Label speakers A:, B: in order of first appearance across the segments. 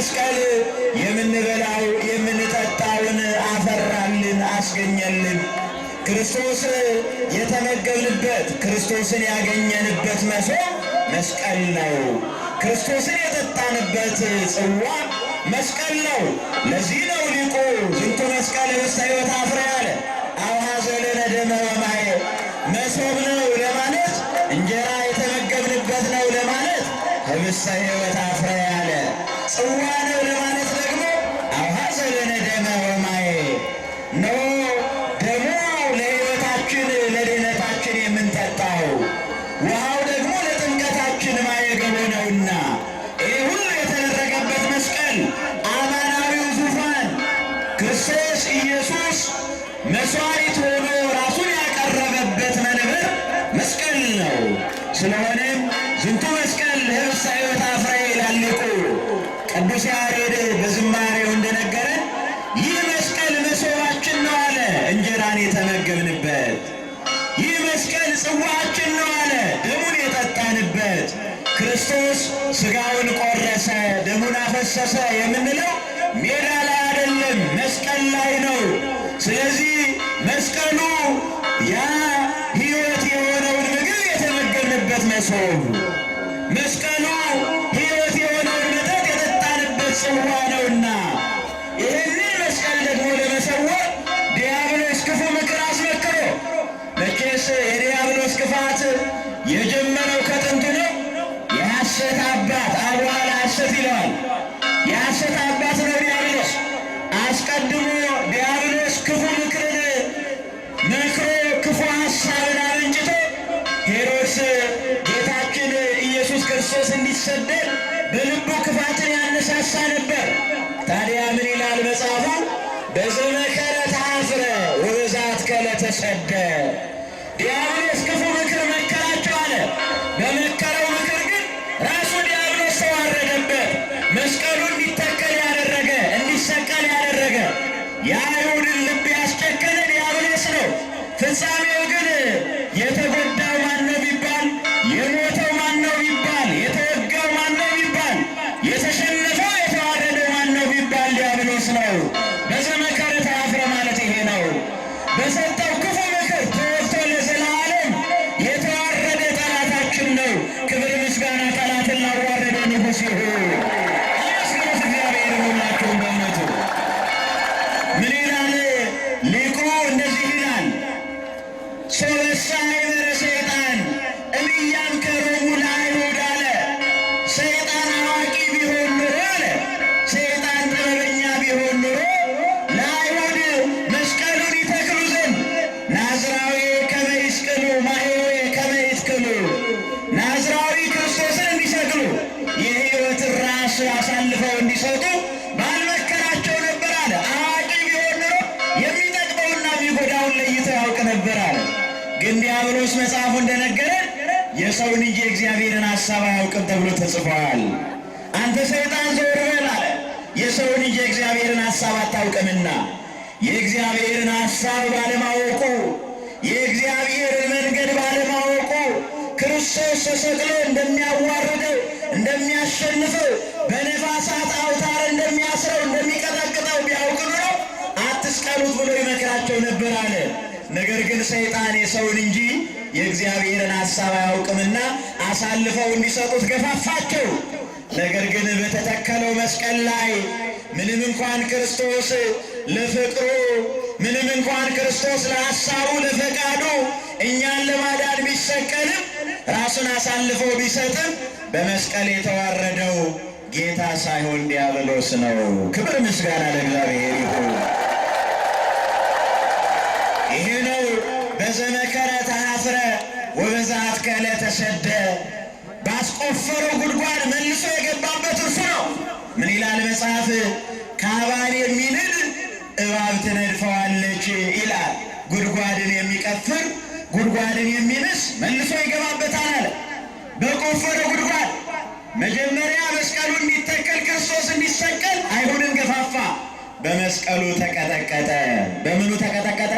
A: መስቀል የምንበላው የምንጠጣውን አፈራልን፣ አስገኘልን። ክርስቶስ የተመገብንበት ክርስቶስን ያገኘንበት መሶብ መስቀል ነው። ክርስቶስን የጠጣንበት ጽዋ መስቀል ነው። ለዚህ ነው ሊቁ ዝንቱ መስቀል ውስተ ሕይወት አፍሬ ያለ አውሃ ዘለነ ደመ ወማየ መሶብ ነው ለማለት እንጀራ የተመገብንበት ነው ለማለት ህብስተ ሕይወት አፍሬ Aurora የጠጣንበት ይህ መስቀል ጽዋችን ነው አለ። ደሙን የጠጣንበት ክርስቶስ ስጋውን ቆረሰ ደሙን አፈሰሰ የምንለው ሜዳ ላይ አይደለም፣ መስቀል ላይ ነው። ስለዚህ መስቀሉ ያ ሕይወት የሆነውን ምግብ የተመገብንበት መሶብ መስቀሉ ሕይወት የሆነውን መጠጥ የጠጣንበት ጽዋ እንዲሰደድ በልቡ ክፋትን ያነሳሳ ነበር። ታዲያ ምን ይላል መጽሐፉ? በዘመከረ ተአፍረ ወበዛት ከለ ተሰደ። ዲያብሎስ ክፉ ምክር መከራቸው አለ። በመከረው ምክር ግን ራሱ ዲያብሎስ ተዋረደበት። መስቀሉ እንዲተከል ያደረገ እንዲሰቀል ያደረገ ያ দেশের ግን ዲያብሎስ መጽሐፉ እንደነገረ የሰው ልጅ የእግዚአብሔርን ሐሳብ አያውቅም ተብሎ ተጽፏል። አንተ ሰይጣን ዞር በል አለ። የሰው ልጅ የእግዚአብሔርን ሐሳብ አታውቅምና የእግዚአብሔርን ሐሳብ ባለማወቁ የእግዚአብሔርን መንገድ ባለማወቁ ክርስቶስ ተሰቅሎ እንደሚያዋርደው እንደሚያሸንፈው በነፋሳት አውታር እንደሚያስረው እንደሚቀጠቅጠው ቢያውቅ ኖሮ አትስቀሉት ብሎ ይመክራቸው ነበር አለ። ነገር ግን ሰይጣን የሰውን እንጂ የእግዚአብሔርን ሐሳብ አያውቅምና አሳልፈው እንዲሰጡት ገፋፋቸው። ነገር ግን በተተከለው መስቀል ላይ ምንም እንኳን ክርስቶስ ለፍቅሩ ምንም እንኳን ክርስቶስ ለሐሳቡ ለፈቃዱ እኛን ለማዳን ቢሰቀልም ራሱን አሳልፎ ቢሰጥም በመስቀል የተዋረደው ጌታ ሳይሆን ዲያብሎስ ነው። ክብር ምስጋና ለእግዚአብሔር ይሁን። በዘመከረ ተሐፍረ ወበዛት ከለ ተሰደ ባስቆፈረው ጉድጓድ መልሶ የገባበት እርሱ ነው። ምን ይላል መጽሐፍ? ከአባል የሚንድ እባብ ትነድፈዋለች ይላል። ጉድጓድን የሚቀፍር ጉድጓድን የሚንስ መልሶ ይገባበታል አለ። በቆፈረ ጉድጓድ መጀመሪያ መስቀሉ እንዲተከል ክርስቶስ እንዲሰቀል አይሁድን ገፋፋ። በመስቀሉ ተቀጠቀጠ። በምኑ ተቀጠቀጠ?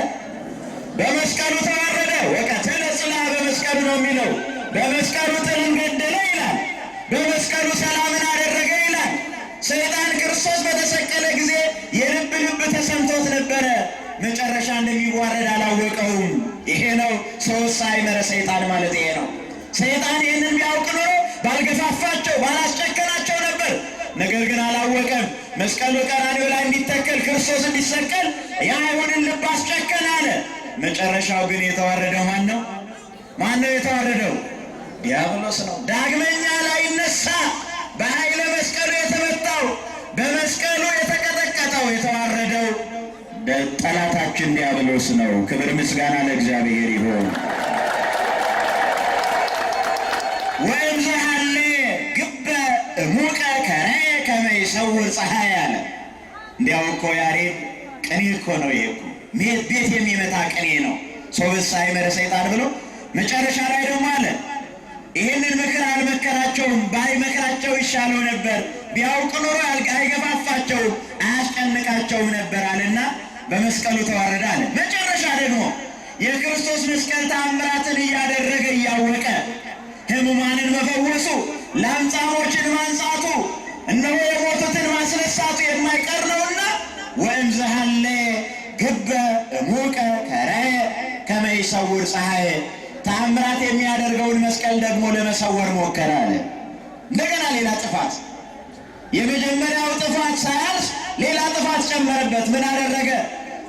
A: በመስቀሉ ተዋረደ ወቀተለ ጽንዓ በመስቀሉ ነው የሚለው። በመስቀሉ ጥልን ገደለ ይላል። በመስቀሉ ሰላምን አደረገ ይላል። ሰይጣን ክርስቶስ በተሰቀለ ጊዜ የልብ ልብ ተሰምቶት ነበረ። መጨረሻ እንደሚዋረድ አላወቀውም። ይሄ ነው ሰውስ አይመረ ሰይጣን ማለት ይሄ ነው። ሰይጣን ይህንን ቢያውቅ ኖሮ ባልገፋፋቸው፣ ባላስጨከናቸው ነበር። ነገር ግን አላወቀም። መስቀሉ ቀራንዮ ላይ እንዲተከል ክርስቶስ እንዲሰቀል የአይሁድን ልብ አስጨከን አለ። መጨረሻው ግን የተዋረደው ማን ነው? ማን ነው የተዋረደው? ዲያብሎስ ነው። ዳግመኛ ላይነሳ በኃይለ መስቀሉ የተመታው በመስቀሉ የተቀጠቀጠው የተዋረደው ጠላታችን ዲያብሎስ ነው። ክብር ምስጋና ለእግዚአብሔር ይሆን። ወይም ግበ ሙቀ ከረየ ከመ ይሰውር ፀሐይ አለ። እንዲያው እኮ ያሬድ ቅኔ እኮ ነው ይሄ እኮ ቤት የሚመታ ቅኔ ነው። ሰው ሳይመረ ሰይጣን ብሎ መጨረሻ ላይ ደግሞ አለ ይህንን ምክር አልመከራቸውም። ባይመክራቸው ይሻለው ነበር። ቢያውቅ ኖሮ አይገፋፋቸው አያስጨንቃቸውም ነበር አለና በመስቀሉ ተዋረደ አለ። መጨረሻ ደግሞ የክርስቶስ መስቀል ተአምራትን እያደረገ እያወቀ ሕሙማንን መፈወሱ፣ ለምጻሞችን ማንጻቱ፣ እነሆ የሞቱትን ማስነሳቱ የማይቀር ነው። ወእምዝሃሌ ግበ እሙቀ ከረየ ከመ ይሰውር ፀሐይ ተአምራት የሚያደርገውን መስቀል ደግሞ ለመሰወር ሞከረ አለ። እንደገና ሌላ ጥፋት፣ የመጀመሪያው ጥፋት ሳያልፍ ሌላ ጥፋት ጨመረበት። ምን አደረገ?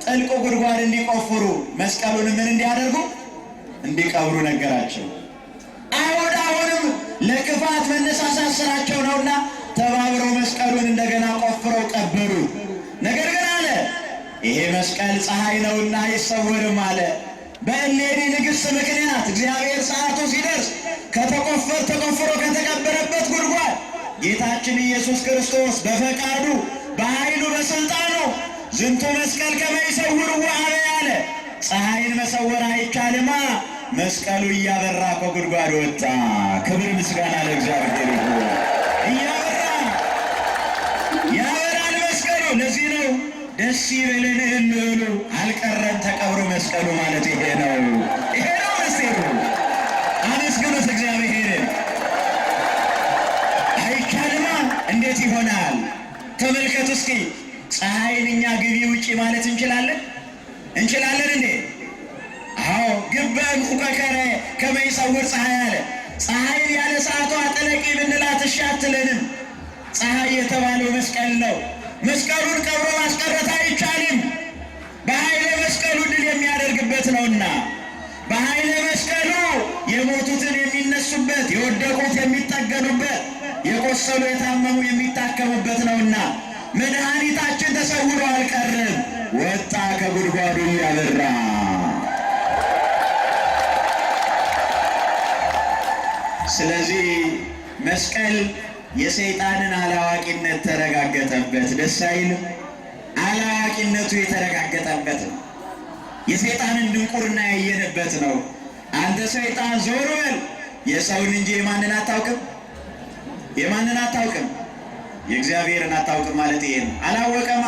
A: ጥልቁ ጉድጓድ እንዲቆፍሩ መስቀሉን ምን እንዲያደርጉ እንዲቀብሩ ነገራቸው። አይሁድ አሁንም ለክፋት መነሳሳት ስራቸው ነውና ተባብረው መስቀሉን እንደገና ቆፍረው ቀበሩ። የመስቀል መስቀል ፀሐይ ነውና አይሰወርም አለ። በእሌኒ ንግሥት ምክንያት እግዚአብሔር ሰዓቱ ሲደርስ ከተቆፈር ተቆፍሮ ከተቀበረበት ጉድጓድ ጌታችን ኢየሱስ ክርስቶስ በፈቃዱ በኃይሉ በሥልጣኑ ዝንቱ መስቀል ከመ ይሰውር ውሃበ ያለ ፀሐይን መሰወር አይቻልማ። መስቀሉ እያበራ ከጉድጓድ ወጣ። ክብር ምስጋና ለእግዚአብሔር ይሁን። ደስ ይበልን እንበሉ። አልቀረም ተቀብሮ መስቀሉ ማለት ይሄ ነው። ይሄ ነው መስቀሉ። አመስግኑት እግዚአብሔርን። አይቻልማ! እንዴት ይሆናል? ተመልከት እስኪ ፀሐይን እኛ ግቢ ውጪ ማለት እንችላለን እንችላለን እንዴ? አዎ ግበን እንቁቀቀረ ከመይሰውር ፀሐይ አለ። ፀሐይን ያለ ሰዓቷ ጠለቂ ብንላት እሺ አትለንም። ፀሐይ የተባለው መስቀል ነው። መስቀሉን ቀብሮ ማስቀረት አይቻልም። በኃይለ መስቀሉ ድል የሚያደርግበት ነውና በኃይለ መስቀሉ የሞቱትን የሚነሱበት፣ የወደቁት የሚጠገኑበት፣ የቆሰሉ የታመሙ የሚታከሙበት ነውና መድኃኒታችን ተሰውሮ አልቀርም፣ ወጣ ከጉድጓዱ እያበራ ስለዚህ መስቀል የሰይጣንን አላዋቂነት ተረጋገጠበት። ደስ አይል? አላዋቂነቱ የተረጋገጠበት ነው። የሰይጣንን ድንቁርና ያየንበት ነው። አንተ ሰይጣን ዞር በል፣ የሰውን እንጂ የማንን አታውቅም፣ የማንን አታውቅም፣ የእግዚአብሔርን አታውቅም ማለት ይሄ ነው። አላወቀማ።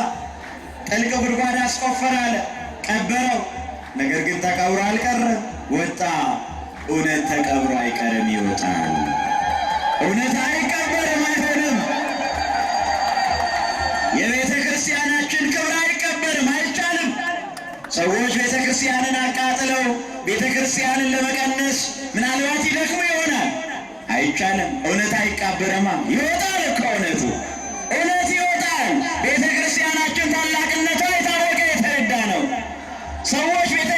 A: ጥልቅ ጉድጓድ አስቆፈረ አለ፣ ቀበረው። ነገር ግን ተቀብሮ አልቀረም ወጣ። እውነት ተቀብሮ አይቀርም፣ ይወጣል። እውነት አይቀበርም፣ አይሆንም። የቤተ ክርስቲያናችን ክብር አይቀበርም፣ አይቻልም። ሰዎች ቤተ ክርስቲያንን አቃጥለው ቤተ ክርስቲያንን ለመቀነስ ምናልባት ይደክሙ ይሆናል። አይቻልም። እውነት አይቀበርማ። ይወጣል እኮ እውነቱ፣ እውነት ይወጣል። ቤተ ክርስቲያናችን ታላቅነቷ የታወቀ የተረዳ ነው። ሰዎች ቤተ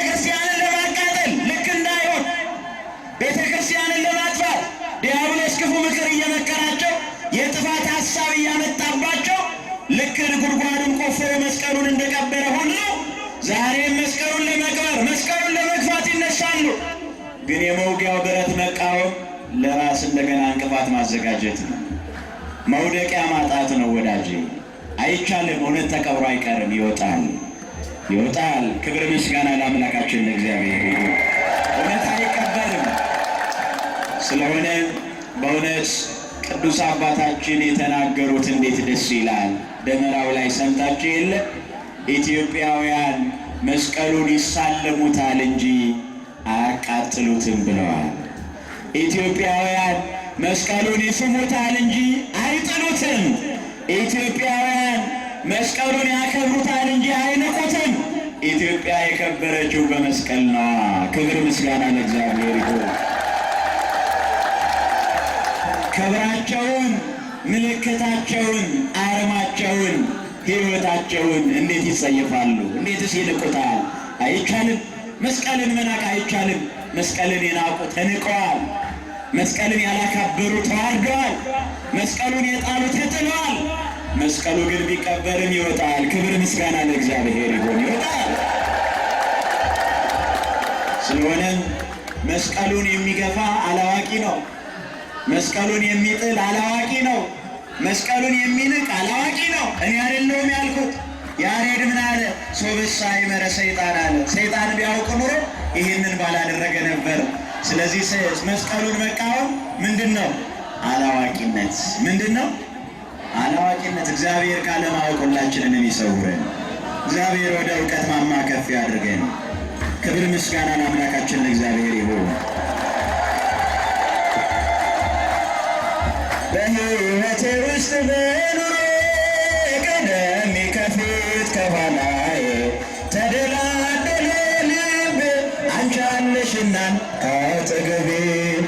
A: ነገር እየመከራቸው የጥፋት ሀሳብ እያመጣባቸው ልክ ጉድጓዱን ቆፍሮ መስቀሉን እንደቀበረ ሁሉ ዛሬም መስቀሉን ለመቅበር መስቀሉን ለመግፋት ይነሳሉ። ግን የመውጊያው ብረት መቃወም ለራስ እንደገና እንቅፋት ማዘጋጀት ነው። መውደቂያ ማጣት ነው። ወዳጅ አይቻልም። እውነት ተቀብሮ አይቀርም። ይወጣል፣ ይወጣል። ክብር ምስጋና ለአምላካችን ለእግዚአብሔር። እውነት አይቀበልም ስለሆነ በእውነት ቅዱስ አባታችን የተናገሩት እንዴት ደስ ይላል። ደመራው ላይ ሰምታችሁ የለ ኢትዮጵያውያን መስቀሉን ይሳለሙታል እንጂ አያቃጥሉትም ብለዋል። ኢትዮጵያውያን መስቀሉን ይስሙታል እንጂ አይጥሉትም። ኢትዮጵያውያን መስቀሉን ያከብሩታል እንጂ አይነቁትም። ኢትዮጵያ የከበረችው በመስቀል ነዋ። ክብር ምስጋና ለእግዚአብሔር ይሁን። ክብራቸውን፣ ምልክታቸውን፣ አርማቸውን፣ ህይወታቸውን እንዴት ይጸየፋሉ? እንዴትስ ይንቁታል? አይቻልም። መስቀልን መናቅ አይቻልም። መስቀልን የናቁ ተንቀዋል። መስቀልን ያላከበሩ ተዋርደዋል። መስቀሉን የጣሉ ተጥለዋል። መስቀሉ ግን ቢቀበርም ይወጣል። ክብር ምስጋና ለእግዚአብሔር ይሁን፣ ይወጣል። ስለሆነም መስቀሉን የሚገፋ አላዋቂ ነው። መስቀሉን የሚጥል አላዋቂ ነው። መስቀሉን የሚንቅ አላዋቂ ነው። እኔ አይደለሁም ያልኩት። ያሬድ ምን አለ? ሶብሳ ይመረ ሰይጣን አለ። ሰይጣን ቢያውቅ ኑሮ ይህንን ባላደረገ ነበር። ስለዚህ መስቀሉን መቃወም ምንድን ነው? አላዋቂነት ምንድን ነው? አላዋቂነት። እግዚአብሔር ካለማወቅ ሁላችንንም ይሰውረን። እግዚአብሔር ወደ እውቀት ማማ ከፍ ያድርገን። ክብር ምስጋና ለአምላካችን ለእግዚአብሔር ይሁን። በህይወቴ ውስጥ በኑሬ ቀደም ከፊት ከኋላዬ ተደላደለ ልብ አንቺ አለሽና ከአጠገቤ